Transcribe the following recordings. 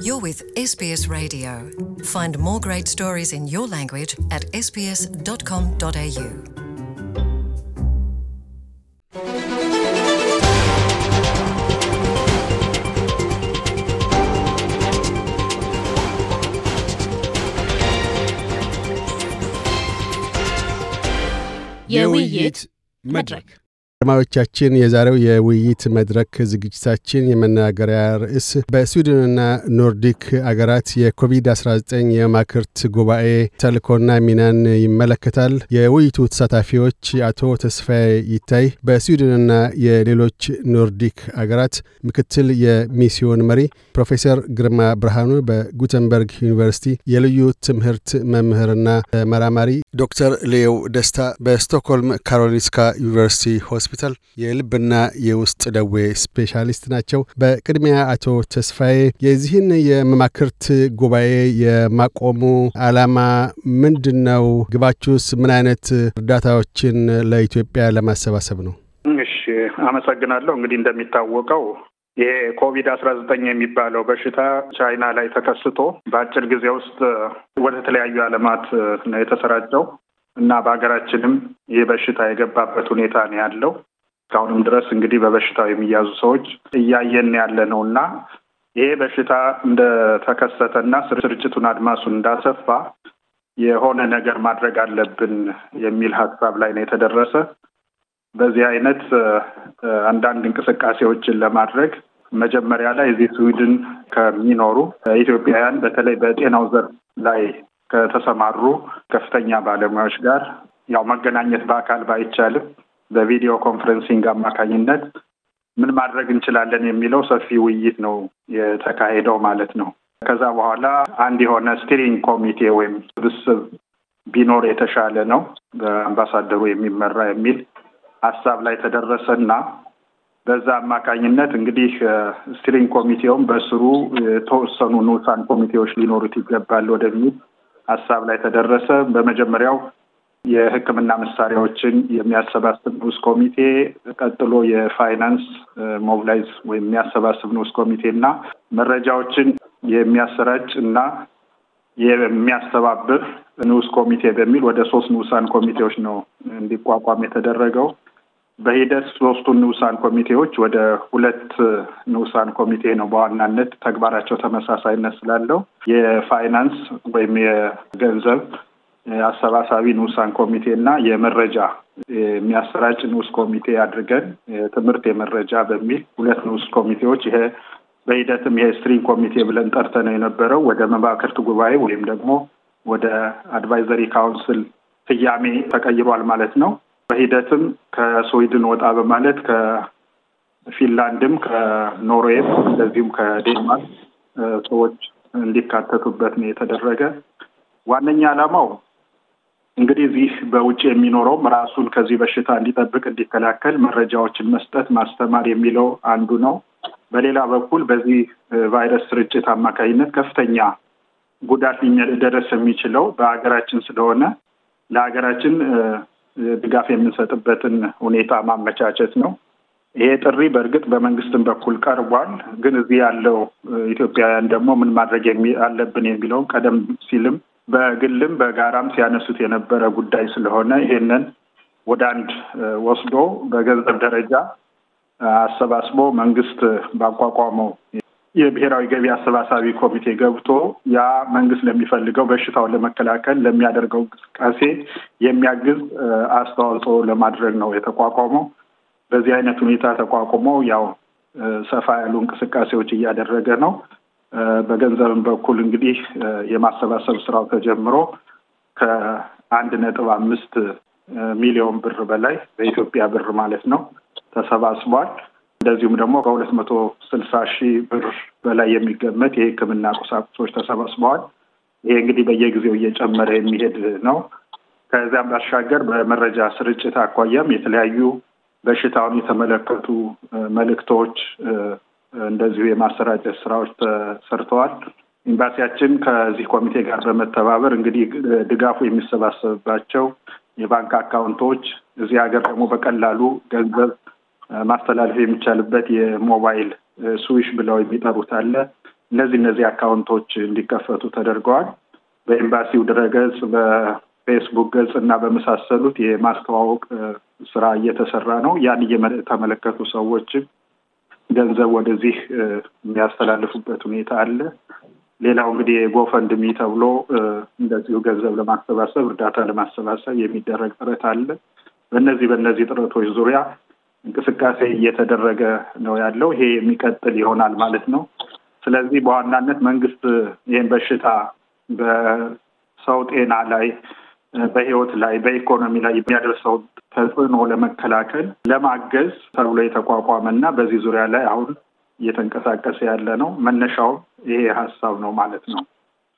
You're with SBS Radio. Find more great stories in your language at sbs.com.au. Joey Jit Magic. አድማጮቻችን፣ የዛሬው የውይይት መድረክ ዝግጅታችን የመነጋገሪያ ርዕስ በስዊድንና ኖርዲክ አገራት የኮቪድ-19 የማክርት ጉባኤ ተልኮና ሚናን ይመለከታል። የውይይቱ ተሳታፊዎች አቶ ተስፋዬ ይታይ በስዊድንና የሌሎች ኖርዲክ አገራት ምክትል የሚሲዮን መሪ፣ ፕሮፌሰር ግርማ ብርሃኑ በጉተንበርግ ዩኒቨርሲቲ የልዩ ትምህርት መምህርና ተመራማሪ ዶክተር ሌው ደስታ በስቶክሆልም ካሮሊንስካ ዩኒቨርሲቲ ሆስፒታል የልብና የውስጥ ደዌ ስፔሻሊስት ናቸው። በቅድሚያ አቶ ተስፋዬ የዚህን የመማክርት ጉባኤ የማቆሙ ዓላማ ምንድን ነው? ግባችሁስ ምን አይነት እርዳታዎችን ለኢትዮጵያ ለማሰባሰብ ነው? እሺ፣ አመሰግናለሁ። እንግዲህ እንደሚታወቀው ይሄ ኮቪድ አስራ ዘጠኝ የሚባለው በሽታ ቻይና ላይ ተከስቶ በአጭር ጊዜ ውስጥ ወደ ተለያዩ ዓለማት ነው የተሰራጨው እና በሀገራችንም ይህ በሽታ የገባበት ሁኔታ ነው ያለው። እስካሁንም ድረስ እንግዲህ በበሽታው የሚያዙ ሰዎች እያየን ያለ ነው እና ይሄ በሽታ እንደተከሰተ እና ስርጭቱን አድማሱን እንዳሰፋ የሆነ ነገር ማድረግ አለብን የሚል ሀሳብ ላይ ነው የተደረሰ። በዚህ አይነት አንዳንድ እንቅስቃሴዎችን ለማድረግ መጀመሪያ ላይ እዚህ ስዊድን ከሚኖሩ ኢትዮጵያውያን በተለይ በጤናው ዘርፍ ላይ ከተሰማሩ ከፍተኛ ባለሙያዎች ጋር ያው መገናኘት በአካል ባይቻልም በቪዲዮ ኮንፈረንሲንግ አማካኝነት ምን ማድረግ እንችላለን የሚለው ሰፊ ውይይት ነው የተካሄደው ማለት ነው። ከዛ በኋላ አንድ የሆነ ስቲሪንግ ኮሚቴ ወይም ስብስብ ቢኖር የተሻለ ነው በአምባሳደሩ የሚመራ የሚል ሀሳብ ላይ ተደረሰ እና በዛ አማካኝነት እንግዲህ ስትሪንግ ኮሚቴውም በስሩ የተወሰኑ ንዑሳን ኮሚቴዎች ሊኖሩት ይገባል ወደሚል ሀሳብ ላይ ተደረሰ። በመጀመሪያው የሕክምና መሳሪያዎችን የሚያሰባስብ ንዑስ ኮሚቴ፣ ቀጥሎ የፋይናንስ ሞቢላይዝ ወይም የሚያሰባስብ ንዑስ ኮሚቴ እና መረጃዎችን የሚያሰራጭ እና የሚያስተባብር ንዑስ ኮሚቴ በሚል ወደ ሶስት ንዑሳን ኮሚቴዎች ነው እንዲቋቋም የተደረገው። በሂደት ሶስቱን ንዑሳን ኮሚቴዎች ወደ ሁለት ንዑሳን ኮሚቴ ነው በዋናነት ተግባራቸው ተመሳሳይነት ስላለው የፋይናንስ ወይም የገንዘብ አሰባሳቢ ንዑሳን ኮሚቴ እና የመረጃ የሚያሰራጭ ንዑስ ኮሚቴ አድርገን ትምህርት የመረጃ በሚል ሁለት ንዑስ ኮሚቴዎች ይሄ በሂደትም የስትሪንግ ኮሚቴ ብለን ነው የነበረው ወደ መማክርት ጉባኤ ወይም ደግሞ ወደ አድቫይዘሪ ካውንስል ስያሜ ተቀይሯል ማለት ነው። በሂደትም ከስዊድን ወጣ በማለት ከፊንላንድም ከኖርዌም እንደዚሁም ከዴንማርክ ሰዎች እንዲካተቱበት ነው የተደረገ። ዋነኛ ዓላማው እንግዲህ እዚህ በውጭ የሚኖረውም ራሱን ከዚህ በሽታ እንዲጠብቅ፣ እንዲከላከል መረጃዎችን መስጠት፣ ማስተማር የሚለው አንዱ ነው። በሌላ በኩል በዚህ ቫይረስ ስርጭት አማካኝነት ከፍተኛ ጉዳት ሊደረስ የሚችለው በሀገራችን ስለሆነ ለሀገራችን ድጋፍ የምንሰጥበትን ሁኔታ ማመቻቸት ነው። ይሄ ጥሪ በእርግጥ በመንግስትም በኩል ቀርቧል። ግን እዚህ ያለው ኢትዮጵያውያን ደግሞ ምን ማድረግ አለብን የሚለውን ቀደም ሲልም በግልም በጋራም ሲያነሱት የነበረ ጉዳይ ስለሆነ ይሄንን ወደ አንድ ወስዶ በገንዘብ ደረጃ አሰባስቦ መንግስት ባቋቋመው የብሔራዊ ገቢ አሰባሳቢ ኮሚቴ ገብቶ ያ መንግስት ለሚፈልገው በሽታውን ለመከላከል ለሚያደርገው እንቅስቃሴ የሚያግዝ አስተዋጽኦ ለማድረግ ነው የተቋቋመው። በዚህ አይነት ሁኔታ ተቋቁሞ ያው ሰፋ ያሉ እንቅስቃሴዎች እያደረገ ነው። በገንዘብም በኩል እንግዲህ የማሰባሰብ ስራው ተጀምሮ ከአንድ ነጥብ አምስት ሚሊዮን ብር በላይ በኢትዮጵያ ብር ማለት ነው ተሰባስቧል። እንደዚሁም ደግሞ ከሁለት መቶ ስልሳ ሺህ ብር በላይ የሚገመት የሕክምና ቁሳቁሶች ተሰባስበዋል። ይሄ እንግዲህ በየጊዜው እየጨመረ የሚሄድ ነው። ከዚያም ባሻገር በመረጃ ስርጭት አኳያም የተለያዩ በሽታውን የተመለከቱ መልእክቶች እንደዚሁ የማሰራጨት ስራዎች ተሰርተዋል። ኤምባሲያችን ከዚህ ኮሚቴ ጋር በመተባበር እንግዲህ ድጋፉ የሚሰባሰብባቸው የባንክ አካውንቶች እዚህ ሀገር ደግሞ በቀላሉ ገንዘብ ማስተላለፍ የሚቻልበት የሞባይል ስዊሽ ብለው የሚጠሩት አለ። እነዚህ እነዚህ አካውንቶች እንዲከፈቱ ተደርገዋል። በኤምባሲው ድረገጽ፣ በፌስቡክ ገጽ እና በመሳሰሉት የማስተዋወቅ ስራ እየተሰራ ነው። ያን እየተመለከቱ ሰዎችም ገንዘብ ወደዚህ የሚያስተላልፉበት ሁኔታ አለ። ሌላው እንግዲህ የጎፈንድሚ ተብሎ እንደዚሁ ገንዘብ ለማሰባሰብ እርዳታ ለማሰባሰብ የሚደረግ ጥረት አለ። በእነዚህ በእነዚህ ጥረቶች ዙሪያ እንቅስቃሴ እየተደረገ ነው ያለው። ይሄ የሚቀጥል ይሆናል ማለት ነው። ስለዚህ በዋናነት መንግስት ይህን በሽታ በሰው ጤና ላይ፣ በህይወት ላይ፣ በኢኮኖሚ ላይ የሚያደርሰው ተጽዕኖ ለመከላከል ለማገዝ ተብሎ የተቋቋመ እና በዚህ ዙሪያ ላይ አሁን እየተንቀሳቀሰ ያለ ነው። መነሻውም ይሄ ሀሳብ ነው ማለት ነው።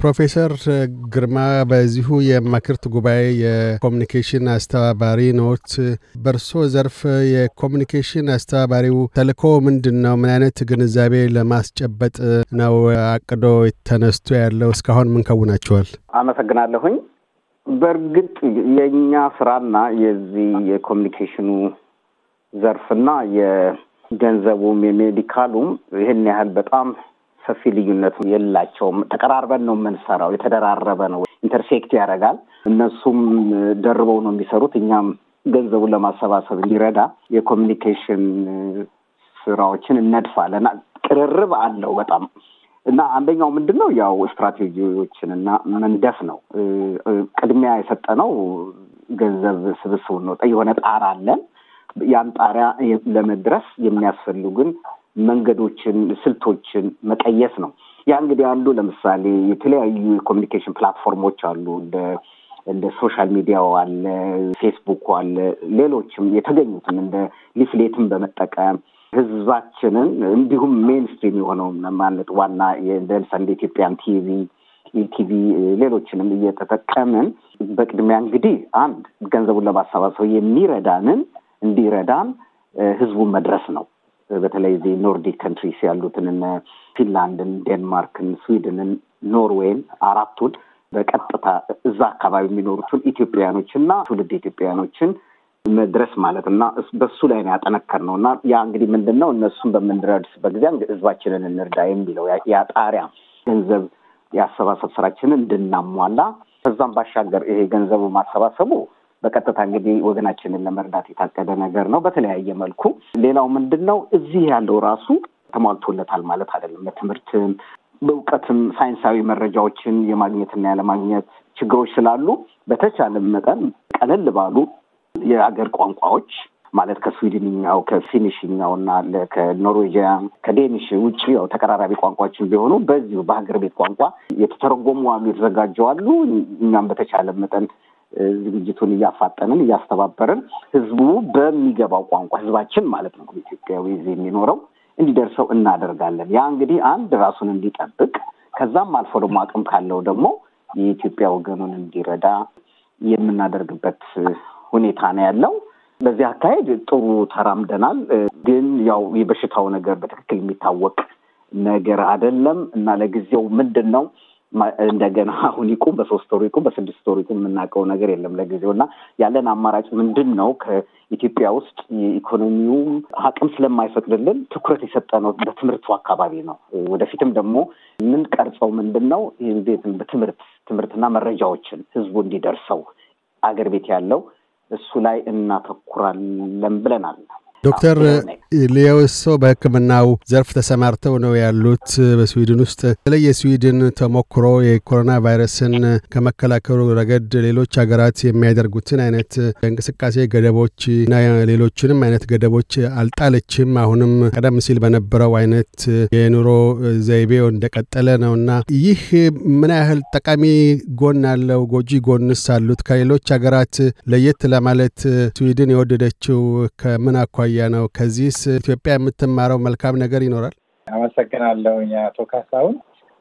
ፕሮፌሰር ግርማ በዚሁ የማክርት ጉባኤ የኮሚኒኬሽን አስተባባሪ ኖት። በእርሶ ዘርፍ የኮሚኒኬሽን አስተባባሪው ተልእኮ ምንድን ነው? ምን አይነት ግንዛቤ ለማስጨበጥ ነው አቅዶ ተነስቶ ያለው? እስካሁን ምን ከውናችኋል? አመሰግናለሁኝ። በእርግጥ የእኛ ስራና የዚህ የኮሚኒኬሽኑ ዘርፍና የገንዘቡም የሜዲካሉም ይህን ያህል በጣም ሰፊ ልዩነት የላቸውም። ተቀራርበን ነው የምንሰራው። የተደራረበ ነው፣ ኢንተርሴክት ያደርጋል። እነሱም ደርበው ነው የሚሰሩት፣ እኛም ገንዘቡን ለማሰባሰብ እንዲረዳ የኮሚኒኬሽን ስራዎችን እነድፋለን። ቅርርብ አለው በጣም እና አንደኛው ምንድን ነው ያው ስትራቴጂዎችን እና መንደፍ ነው። ቅድሚያ የሰጠነው ገንዘብ ስብስቡን ነው። የሆነ ጣራ አለን። ያን ጣሪያ ለመድረስ የሚያስፈልጉን መንገዶችን፣ ስልቶችን መቀየስ ነው። ያ እንግዲህ አንዱ ለምሳሌ የተለያዩ የኮሚኒኬሽን ፕላትፎርሞች አሉ እንደ እንደ ሶሻል ሚዲያው አለ፣ ፌስቡኩ አለ፣ ሌሎችም የተገኙትን እንደ ሊፍሌትን በመጠቀም ህዝባችንን እንዲሁም ሜንስትሪም የሆነው ማለት ዋና ለምሳሌ ኢትዮጵያን ቲቪ ኢቲቪ ሌሎችንም እየተጠቀምን በቅድሚያ እንግዲህ አንድ ገንዘቡን ለማሰባሰብ የሚረዳንን እንዲረዳን ህዝቡን መድረስ ነው። በተለይ ዚህ ኖርዲክ ከንትሪስ ያሉትን እነ ፊንላንድን፣ ዴንማርክን፣ ስዊድንን፣ ኖርዌይን አራቱን በቀጥታ እዛ አካባቢ የሚኖሩትን ኢትዮጵያውያኖችና ትውልድ ኢትዮጵያውያኖችን መድረስ ማለት እና በሱ ላይ ነው ያጠነከር ነው እና ያ እንግዲህ ምንድን ነው እነሱን በምንረድስበት ጊዜ ህዝባችንን እንርዳ የሚለው የጣሪያ ገንዘብ የአሰባሰብ ስራችንን እንድናሟላ ከዛም ባሻገር ይሄ ገንዘቡ ማሰባሰቡ በቀጥታ እንግዲህ ወገናችንን ለመርዳት የታቀደ ነገር ነው በተለያየ መልኩ። ሌላው ምንድን ነው እዚህ ያለው ራሱ ተሟልቶለታል ማለት አይደለም። በትምህርትም በእውቀትም ሳይንሳዊ መረጃዎችን የማግኘትና ያለማግኘት ችግሮች ስላሉ በተቻለ መጠን ቀለል ባሉ የአገር ቋንቋዎች ማለት ከስዊድንኛው ከፊኒሽኛው እና ከኖርዌጂያን ከዴኒሽ ውጭ ያው ተቀራራቢ ቋንቋዎችን ቢሆኑ በዚሁ በሀገር ቤት ቋንቋ የተተረጎሙ አሉ፣ የተዘጋጀው አሉ። እኛም በተቻለ መጠን ዝግጅቱን እያፋጠንን እያስተባበርን ህዝቡ በሚገባው ቋንቋ ህዝባችን ማለት ነው ኢትዮጵያዊ እዚህ የሚኖረው እንዲደርሰው እናደርጋለን። ያ እንግዲህ አንድ ራሱን እንዲጠብቅ ከዛም አልፎ ደግሞ አቅም ካለው ደግሞ የኢትዮጵያ ወገኑን እንዲረዳ የምናደርግበት ሁኔታ ነው ያለው። በዚህ አካሄድ ጥሩ ተራምደናል። ግን ያው የበሽታው ነገር በትክክል የሚታወቅ ነገር አይደለም እና ለጊዜው ምንድን ነው እንደገና አሁን ይቁም፣ በሶስት ወሩ ይቁም፣ በስድስት ወሩ ይቁም፣ የምናውቀው ነገር የለም ለጊዜው እና ያለን አማራጭ ምንድን ነው? ከኢትዮጵያ ውስጥ የኢኮኖሚውም አቅም ስለማይፈቅድልን ትኩረት የሰጠነው በትምህርቱ አካባቢ ነው። ወደፊትም ደግሞ የምንቀርጸው ምንድን ነው? በትምህርት ትምህርትና መረጃዎችን ህዝቡ እንዲደርሰው አገር ቤት ያለው እሱ ላይ እናተኩራለን ብለናል። ዶክተር ሊዮሶ በሕክምናው ዘርፍ ተሰማርተው ነው ያሉት በስዊድን ውስጥ። በተለይ የስዊድን ተሞክሮ የኮሮና ቫይረስን ከመከላከሉ ረገድ ሌሎች ሀገራት የሚያደርጉትን አይነት የእንቅስቃሴ ገደቦች እና ሌሎችንም አይነት ገደቦች አልጣለችም። አሁንም ቀደም ሲል በነበረው አይነት የኑሮ ዘይቤው እንደቀጠለ ነው እና ይህ ምን ያህል ጠቃሚ ጎን አለው? ጎጂ ጎንስ አሉት? ከሌሎች ሀገራት ለየት ለማለት ስዊድን የወደደችው ከምን አኳ አኳያ ነው። ከዚህስ ኢትዮጵያ የምትማረው መልካም ነገር ይኖራል? አመሰግናለሁ አቶ ካሳሁን።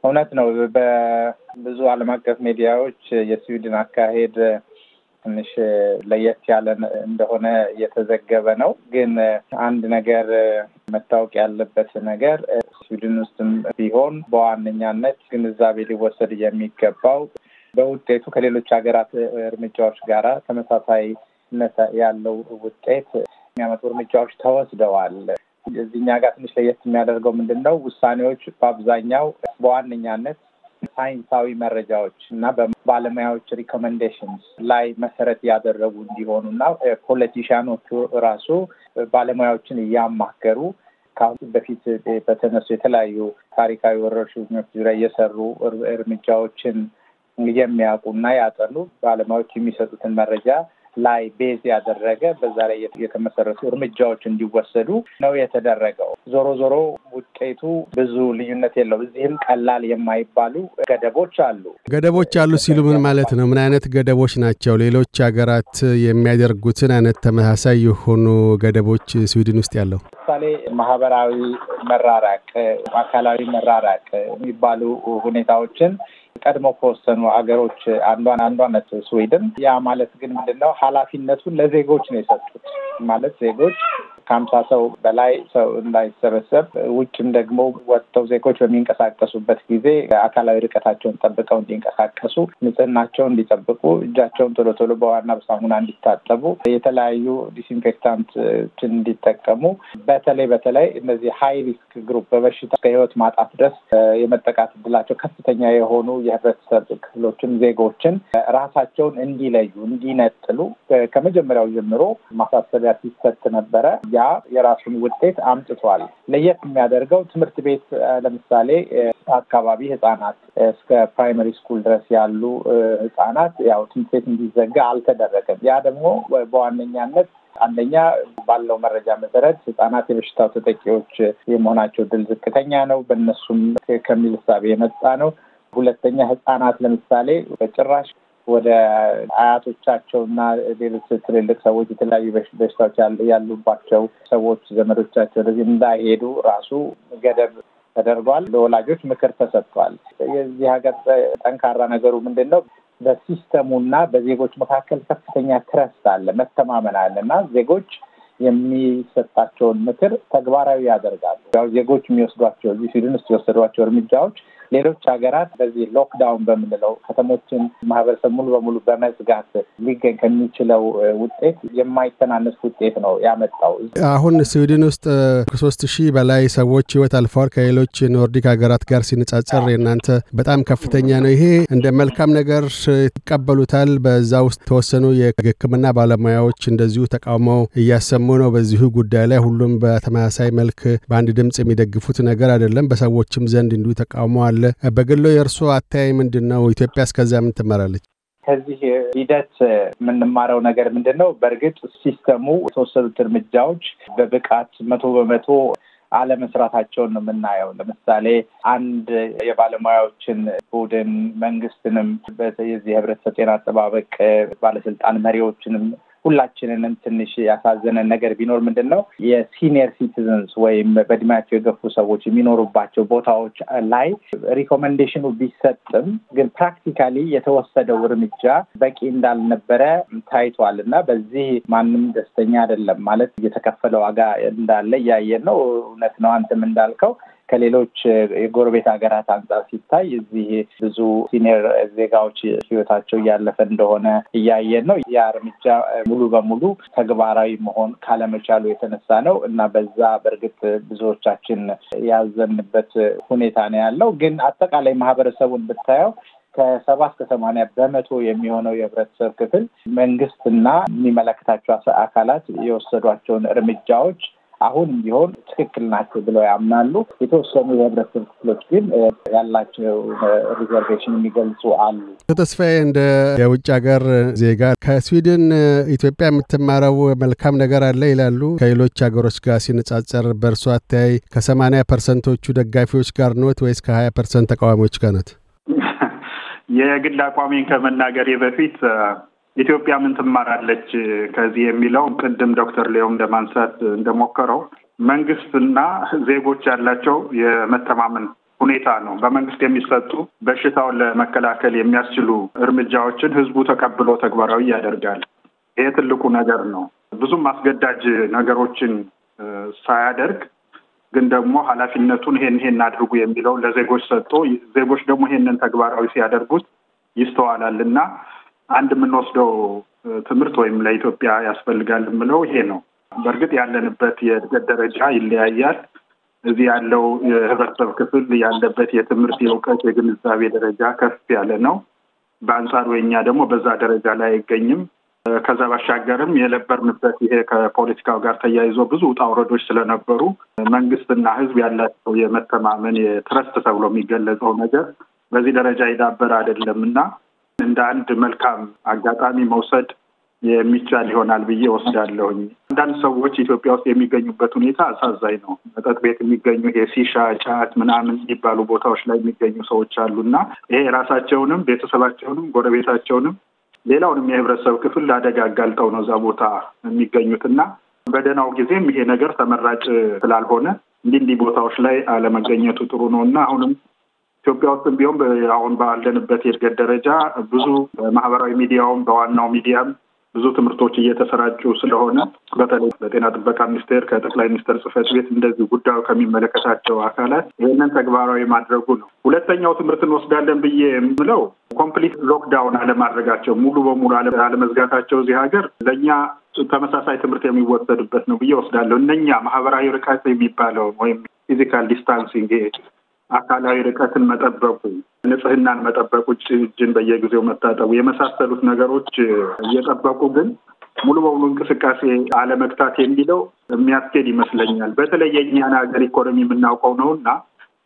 እውነት ነው። በብዙ ዓለም አቀፍ ሚዲያዎች የስዊድን አካሄድ ትንሽ ለየት ያለ እንደሆነ እየተዘገበ ነው። ግን አንድ ነገር መታወቅ ያለበት ነገር ስዊድን ውስጥም ቢሆን በዋነኛነት ግንዛቤ ሊወሰድ የሚገባው በውጤቱ ከሌሎች ሀገራት እርምጃዎች ጋራ ተመሳሳይነት ያለው ውጤት የሚያመጡ እርምጃዎች ተወስደዋል። እዚህኛ ጋር ትንሽ ለየት የሚያደርገው ምንድን ነው? ውሳኔዎች በአብዛኛው በዋነኛነት ሳይንሳዊ መረጃዎች እና በባለሙያዎች ሪኮመንዴሽንስ ላይ መሰረት ያደረጉ እንዲሆኑ እና ፖለቲሽያኖቹ ራሱ ባለሙያዎችን እያማከሩ ከአሁን በፊት በተነሱ የተለያዩ ታሪካዊ ወረርሽኞች ዙሪያ እየሰሩ እርምጃዎችን የሚያውቁ እና ያጠኑ ባለሙያዎች የሚሰጡትን መረጃ ላይ ቤዝ ያደረገ በዛ ላይ የተመሰረቱ እርምጃዎች እንዲወሰዱ ነው የተደረገው። ዞሮ ዞሮ ውጤቱ ብዙ ልዩነት የለው። እዚህም ቀላል የማይባሉ ገደቦች አሉ። ገደቦች አሉ ሲሉ ምን ማለት ነው? ምን አይነት ገደቦች ናቸው? ሌሎች ሀገራት የሚያደርጉትን አይነት ተመሳሳይ የሆኑ ገደቦች ስዊድን ውስጥ ያለው ለምሳሌ ማህበራዊ መራራቅ፣ አካላዊ መራራቅ የሚባሉ ሁኔታዎችን ቀድሞ ከወሰኑ አገሮች አንዷን አንዷ ነት ስዊድን። ያ ማለት ግን ምንድን ነው ኃላፊነቱን ለዜጎች ነው የሰጡት ማለት ዜጎች ከሀምሳ ሰው በላይ ሰው እንዳይሰበሰብ ውጭም ደግሞ ወጥተው ዜጎች በሚንቀሳቀሱበት ጊዜ አካላዊ ርቀታቸውን ጠብቀው እንዲንቀሳቀሱ፣ ንጽህናቸውን እንዲጠብቁ፣ እጃቸውን ቶሎ ቶሎ በዋና በሳሙና እንዲታጠቡ፣ የተለያዩ ዲስኢንፌክታንት እንዲጠቀሙ በተለይ በተለይ እነዚህ ሀይ ሪስክ ግሩፕ በበሽታ ከህይወት ማጣት ድረስ የመጠቃት እድላቸው ከፍተኛ የሆኑ የህብረተሰብ ክፍሎችን ዜጎችን ራሳቸውን እንዲለዩ እንዲነጥሉ ከመጀመሪያው ጀምሮ ማሳሰቢያ ሲሰጥ ነበረ። ያ የራሱን ውጤት አምጥቷል። ለየት የሚያደርገው ትምህርት ቤት ለምሳሌ አካባቢ ህጻናት እስከ ፕራይመሪ ስኩል ድረስ ያሉ ህጻናት ያው ትምህርት ቤት እንዲዘጋ አልተደረገም። ያ ደግሞ በዋነኛነት አንደኛ ባለው መረጃ መሰረት ህጻናት የበሽታው ተጠቂዎች የመሆናቸው ድል ዝቅተኛ ነው። በእነሱም ከሚል እሳቤ የመጣ ነው። ሁለተኛ ህጻናት ለምሳሌ በጭራሽ ወደ አያቶቻቸው እና ሌሎች ትልልቅ ሰዎች የተለያዩ በሽታዎች ያሉባቸው ሰዎች ዘመዶቻቸው ወደዚህ እንዳይሄዱ ራሱ ገደብ ተደርጓል። ለወላጆች ምክር ተሰጥቷል። የዚህ ሀገር ጠንካራ ነገሩ ምንድን ነው? በሲስተሙና በዜጎች መካከል ከፍተኛ ትረስት አለ፣ መተማመን አለ እና ዜጎች የሚሰጣቸውን ምክር ተግባራዊ ያደርጋሉ። ያው ዜጎች የሚወስዷቸው እዚህ ስዊድን ውስጥ የወሰዷቸው እርምጃዎች ሌሎች ሀገራት በዚህ ሎክዳውን በምንለው ከተሞችን ማህበረሰብ ሙሉ በሙሉ በመዝጋት ሊገኝ ከሚችለው ውጤት የማይተናነስ ውጤት ነው ያመጣው። አሁን ስዊድን ውስጥ ከሶስት ሺህ በላይ ሰዎች ህይወት አልፈዋል። ከሌሎች ኖርዲክ ሀገራት ጋር ሲነጻጸር የእናንተ በጣም ከፍተኛ ነው። ይሄ እንደ መልካም ነገር ይቀበሉታል። በዛ ውስጥ ተወሰኑ የህክምና ባለሙያዎች እንደዚሁ ተቃውሞ እያሰሙ ነው። በዚሁ ጉዳይ ላይ ሁሉም በተመሳሳይ መልክ በአንድ ድምፅ የሚደግፉት ነገር አይደለም። በሰዎችም ዘንድ እንዲሁ ተቃውሞ አለ። አለ። በግሎ የእርሶ አተያይ ምንድን ነው? ኢትዮጵያ እስከዛ ምን ትመራለች? ከዚህ ሂደት የምንማረው ነገር ምንድን ነው? በእርግጥ ሲስተሙ የተወሰዱት እርምጃዎች በብቃት መቶ በመቶ አለመስራታቸውን ነው የምናየው። ለምሳሌ አንድ የባለሙያዎችን ቡድን መንግስትንም፣ የዚህ የህብረተሰብ ጤና አጠባበቅ ባለስልጣን መሪዎችንም ሁላችንንም ትንሽ ያሳዘነን ነገር ቢኖር ምንድን ነው የሲኒየር ሲቲዝንስ ወይም በእድሜያቸው የገፉ ሰዎች የሚኖሩባቸው ቦታዎች ላይ ሪኮመንዴሽኑ ቢሰጥም ግን ፕራክቲካሊ የተወሰደው እርምጃ በቂ እንዳልነበረ ታይቷል እና በዚህ ማንም ደስተኛ አይደለም። ማለት የተከፈለ ዋጋ እንዳለ እያየን ነው። እውነት ነው አንተም እንዳልከው ከሌሎች የጎረቤት ሀገራት አንጻር ሲታይ እዚህ ብዙ ሲኒየር ዜጋዎች ህይወታቸው እያለፈ እንደሆነ እያየን ነው። ያ እርምጃ ሙሉ በሙሉ ተግባራዊ መሆን ካለመቻሉ የተነሳ ነው እና በዛ በእርግጥ ብዙዎቻችን ያዘንበት ሁኔታ ነው ያለው። ግን አጠቃላይ ማህበረሰቡን ብታየው ከሰባ እስከ ሰማንያ በመቶ የሚሆነው የህብረተሰብ ክፍል መንግስትና የሚመለከታቸው አካላት የወሰዷቸውን እርምጃዎች አሁንም ቢሆን ትክክል ናቸው ብለው ያምናሉ። የተወሰኑ የህብረተሰብ ክፍሎች ግን ያላቸው ሪዘርቬሽን የሚገልጹ አሉ። ተስፋዬ እንደ የውጭ ሀገር ዜጋ ከስዊድን ኢትዮጵያ የምትማረው መልካም ነገር አለ ይላሉ። ከሌሎች ሀገሮች ጋር ሲነጻጸር በእርሷ አተያይ ከሰማንያ ፐርሰንቶቹ ደጋፊዎች ጋር ኖት ወይስ ከሀያ ፐርሰንት ተቃዋሚዎች ጋር ኖት? የግል አቋሜን ከመናገሬ በፊት ኢትዮጵያ ምን ትማራለች ከዚህ የሚለው ቅድም ዶክተር ሊዮም ለማንሳት እንደሞከረው መንግስትና ዜጎች ያላቸው የመተማመን ሁኔታ ነው። በመንግስት የሚሰጡ በሽታውን ለመከላከል የሚያስችሉ እርምጃዎችን ህዝቡ ተቀብሎ ተግባራዊ ያደርጋል። ይሄ ትልቁ ነገር ነው። ብዙም አስገዳጅ ነገሮችን ሳያደርግ ግን ደግሞ ኃላፊነቱን ይሄን ይሄን አድርጉ የሚለው ለዜጎች ሰጥቶ ዜጎች ደግሞ ይሄንን ተግባራዊ ሲያደርጉት ይስተዋላል እና አንድ የምንወስደው ትምህርት ወይም ለኢትዮጵያ ያስፈልጋል የምለው ይሄ ነው። በእርግጥ ያለንበት የእድገት ደረጃ ይለያያል። እዚህ ያለው የህብረተሰብ ክፍል ያለበት የትምህርት የእውቀት፣ የግንዛቤ ደረጃ ከፍ ያለ ነው። በአንጻሩ የኛ ደግሞ በዛ ደረጃ ላይ አይገኝም። ከዛ ባሻገርም የነበርንበት ይሄ ከፖለቲካው ጋር ተያይዞ ብዙ ውጣ ውረዶች ስለነበሩ መንግስትና ህዝብ ያላቸው የመተማመን የትረስት ተብሎ የሚገለጸው ነገር በዚህ ደረጃ የዳበረ አይደለም እና እንደ አንድ መልካም አጋጣሚ መውሰድ የሚቻል ይሆናል ብዬ ወስዳለሁኝ። አንዳንድ ሰዎች ኢትዮጵያ ውስጥ የሚገኙበት ሁኔታ አሳዛኝ ነው። መጠጥ ቤት የሚገኙ ይሄ ጫት ምናምን የሚባሉ ቦታዎች ላይ የሚገኙ ሰዎች አሉ እና ይሄ ራሳቸውንም ቤተሰባቸውንም ጎረቤታቸውንም ሌላውንም የህብረተሰብ ክፍል ለአደጋ አጋልጠው ነው እዛ ቦታ የሚገኙትና በደህናው ጊዜም ይሄ ነገር ተመራጭ ስላልሆነ እንዲህ እንዲህ ቦታዎች ላይ አለመገኘቱ ጥሩ ነው እና አሁንም ኢትዮጵያ ውስጥም ቢሆን አሁን ባለንበት የእድገት ደረጃ ብዙ በማህበራዊ ሚዲያውም በዋናው ሚዲያም ብዙ ትምህርቶች እየተሰራጩ ስለሆነ በተለይ በጤና ጥበቃ ሚኒስቴር ከጠቅላይ ሚኒስትር ጽህፈት ቤት እንደዚህ ጉዳዩ ከሚመለከታቸው አካላት ይህንን ተግባራዊ ማድረጉ ነው። ሁለተኛው ትምህርት እንወስዳለን ብዬ የምለው ኮምፕሊት ሎክዳውን አለማድረጋቸው፣ ሙሉ በሙሉ አለመዝጋታቸው እዚህ ሀገር ለእኛ ተመሳሳይ ትምህርት የሚወሰድበት ነው ብዬ ወስዳለሁ። እነኛ ማህበራዊ ርቀት የሚባለው ወይም ፊዚካል ዲስታንሲንግ አካላዊ ርቀትን መጠበቁ፣ ንጽህናን መጠበቁ፣ እጅን በየጊዜው መታጠቡ የመሳሰሉት ነገሮች እየጠበቁ ግን ሙሉ በሙሉ እንቅስቃሴ አለመግታት የሚለው የሚያስኬድ ይመስለኛል። በተለይ የእኛን ሀገር ኢኮኖሚ የምናውቀው ነው እና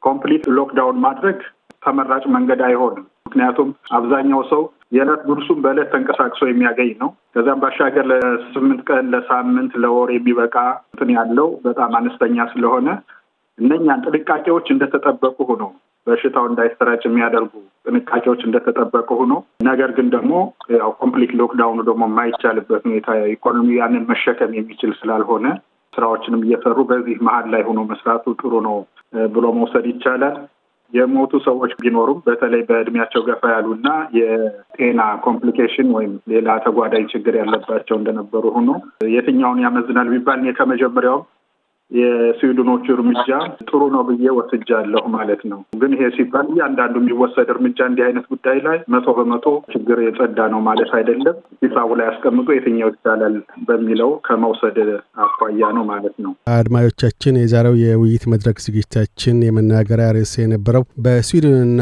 ኮምፕሊት ሎክዳውን ማድረግ ተመራጭ መንገድ አይሆንም። ምክንያቱም አብዛኛው ሰው የዕለት ጉርሱን በዕለት ተንቀሳቅሶ የሚያገኝ ነው። ከዚያም ባሻገር ለስምንት ቀን ለሳምንት ለወር የሚበቃ እንትን ያለው በጣም አነስተኛ ስለሆነ እነኛን ጥንቃቄዎች እንደተጠበቁ ሆኖ በሽታው እንዳይሰራጭ የሚያደርጉ ጥንቃቄዎች እንደተጠበቀ ሆኖ ነገር ግን ደግሞ ያው ኮምፕሊት ሎክዳውኑ ደግሞ የማይቻልበት ሁኔታ ኢኮኖሚ ያንን መሸከም የሚችል ስላልሆነ ስራዎችንም እየሰሩ በዚህ መሀል ላይ ሆኖ መስራቱ ጥሩ ነው ብሎ መውሰድ ይቻላል። የሞቱ ሰዎች ቢኖሩም በተለይ በእድሜያቸው ገፋ እና የጤና ኮምፕሊኬሽን ወይም ሌላ ተጓዳኝ ችግር ያለባቸው እንደነበሩ ሆኖ የትኛውን ያመዝናል ቢባል ከመጀመሪያውም የስዊድኖቹ እርምጃ ጥሩ ነው ብዬ ወስጃለሁ ማለት ነው። ግን ይሄ ሲባል እያንዳንዱ የሚወሰድ እርምጃ እንዲህ አይነት ጉዳይ ላይ መቶ በመቶ ችግር የጸዳ ነው ማለት አይደለም። ሂሳቡ ላይ አስቀምጦ የትኛው ይቻላል በሚለው ከመውሰድ አኳያ ነው ማለት ነው። አድማጮቻችን፣ የዛሬው የውይይት መድረክ ዝግጅታችን የመናገሪያ ርዕስ የነበረው በስዊድንና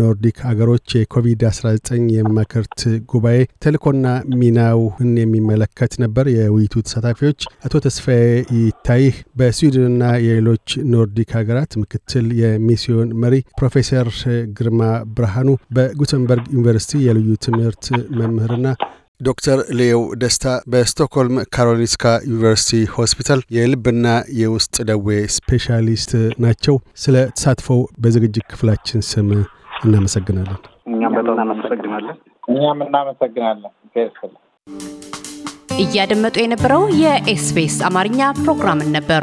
ኖርዲክ አገሮች የኮቪድ አስራ ዘጠኝ የመማክርት ጉባኤ ተልእኮና ሚናውን የሚመለከት ነበር። የውይይቱ ተሳታፊዎች አቶ ተስፋዬ ይታይህ በ የስዊድንና የሌሎች ኖርዲክ ሀገራት ምክትል የሚሲዮን መሪ ፕሮፌሰር ግርማ ብርሃኑ በጉተንበርግ ዩኒቨርሲቲ የልዩ ትምህርት መምህርና ዶክተር ሌው ደስታ በስቶክሆልም ካሮሊንስካ ዩኒቨርሲቲ ሆስፒታል የልብና የውስጥ ደዌ ስፔሻሊስት ናቸው። ስለ ተሳትፈው በዝግጅት ክፍላችን ስም እናመሰግናለን። እኛም በጣም እናመሰግናለን። እናመሰግናለን። እያደመጡ የነበረው የኤስቢኤስ አማርኛ ፕሮግራምን ነበር።